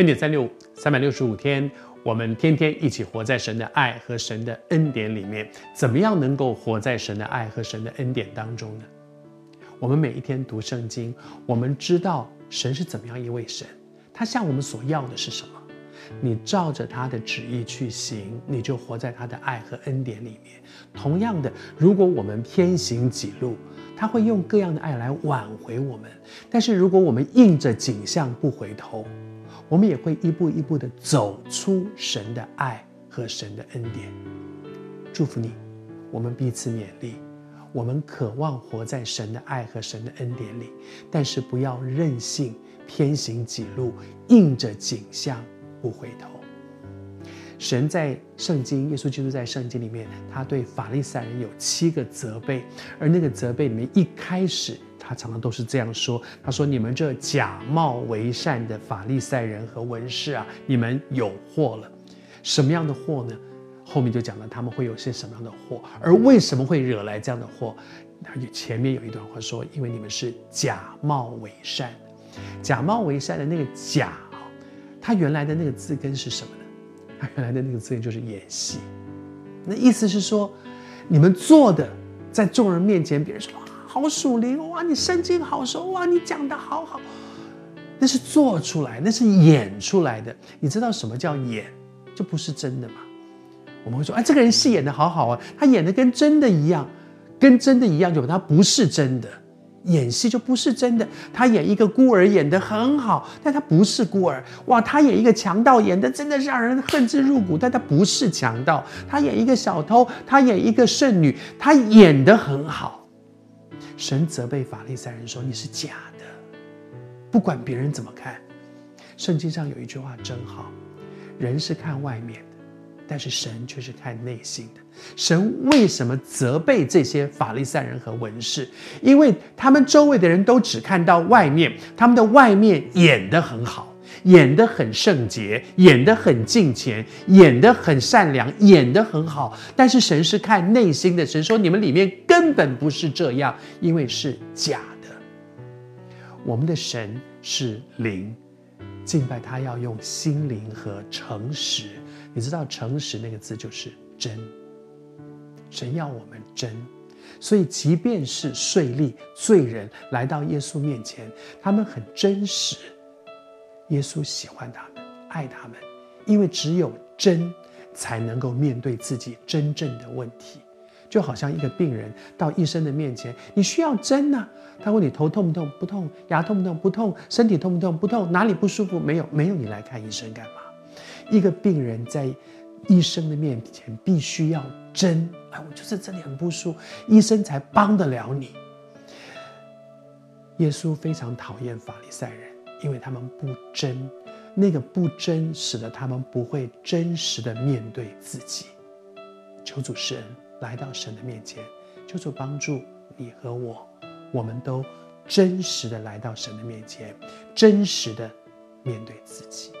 恩典三六五三百六十五天，我們天天一起活在神的愛和神的恩典裡面。怎麼樣能夠活在神的愛和神的恩典當中呢？我們每一天讀聖經，我們知道神是怎麼樣一位神，他向我們所要的是什麼。你照着他的旨意去行，你就活在他的愛和恩典裡面。同樣的，如果我們偏行己路，他會用各樣的愛來挽回我們。但是，如果我們硬著頸項不回頭，我們也會一步一步地走出神的愛和神的恩典。祝福你，我們彼此勉勵，我們渴望活在神的愛和神的恩典裡，但是不要任性偏行己路，硬着頸項不回頭。神在聖經，耶穌基督在聖經裡面，他對法利賽人有七個責備，而那個責備裡面一開始。他常常都是這樣說：“他說，你們這假冒偽善的法利賽人和文士啊，你們有禍了。什麼樣的禍呢？後面就講了他們會有些什麼樣的禍，而為什麼會惹來這樣的禍？前面有一段話說：因為你們是假冒偽善。假冒偽善的那個假，他原來的那個字根是什麼呢？他原來的那個字根就是演戲。那意思是說，你們做的在眾人面前，別人說。”好屬靈，哇！你聖經好熟哇！你講的好好，那是做出來，那是演出來的。你知道什麼叫演？就不是真的嘛？我們會說，哎、啊，這個人戲演的好好啊，他演的跟真的一樣，跟真的一樣。就他不是真的，演戲就不是真的。他演一個孤兒演的很好，但他不是孤兒。哇，他演一個強盜演的真的讓人恨之入骨，但他不是強盜。他演一個小偷，他演一個剩女，他演的很好。神責備法利賽人說：“你是假的，不管別人怎麼看。”聖經上有一句話真好：“人是看外面的，但是神卻是看內心的。”神為什麼責備這些法利賽人和文士？因為他們周圍的人都只看到外面，他們的外面演得很好。演得很聖潔，演得很敬虔，演得很善良，演得很好。但是神是看內心的，神說你們裡面根本不是這樣，因為是假的。我們的神是靈，敬拜他要用心靈和誠實。你知道誠實那個字就是真，神要我們真。所以即便是稅吏、罪人來到耶穌面前，他們很真實。耶穌喜歡他們，愛他們，因為只有真才能夠面對自己真正的問題。就好像一個病人到醫生的面前，你需要真吶？他問你頭痛不痛？不痛。牙痛不痛？不痛。身體痛不痛？不痛。哪裡不舒服？沒有，沒有。你來看醫生幹嘛？一個病人在醫生的面前必須要真。哎，我就是這裡很不舒服，醫生才幫得了你。耶穌非常討厭法利賽人。因為他們不真，那個不真使得他們不會真實的面對自己。求主施恩來到神的面前，求主幫助你和我，我們都真實的來到神的面前，真實的面對自己。